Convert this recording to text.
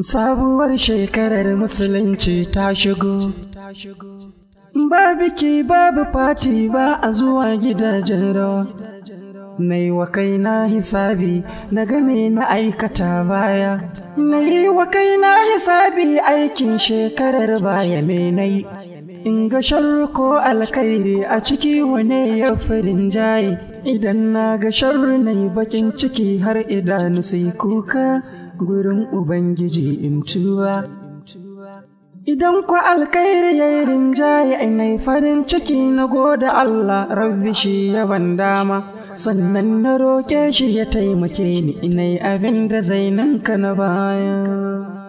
Sabuwar shekarar Musulunci ta shigo, ba biki babu fati ba a zuwa gidajen rawa. Na yi wa kaina hisabi na game na aikata baya, na yi wa kaina hisabi aikin shekarar baya menai. In ga sharru ko alkhairi a ciki wane ya farin jaye, idan na ga sharru na yi bakin ciki har idanu sai kuka. gurin Ubangiji in ciwa. Idan ku alkairi ya yi rinjaye nai farin ciki na goda Allah rabbi shi yawan dama, sannan na roƙe shi ya taimake ni inai abin da zainanka na baya.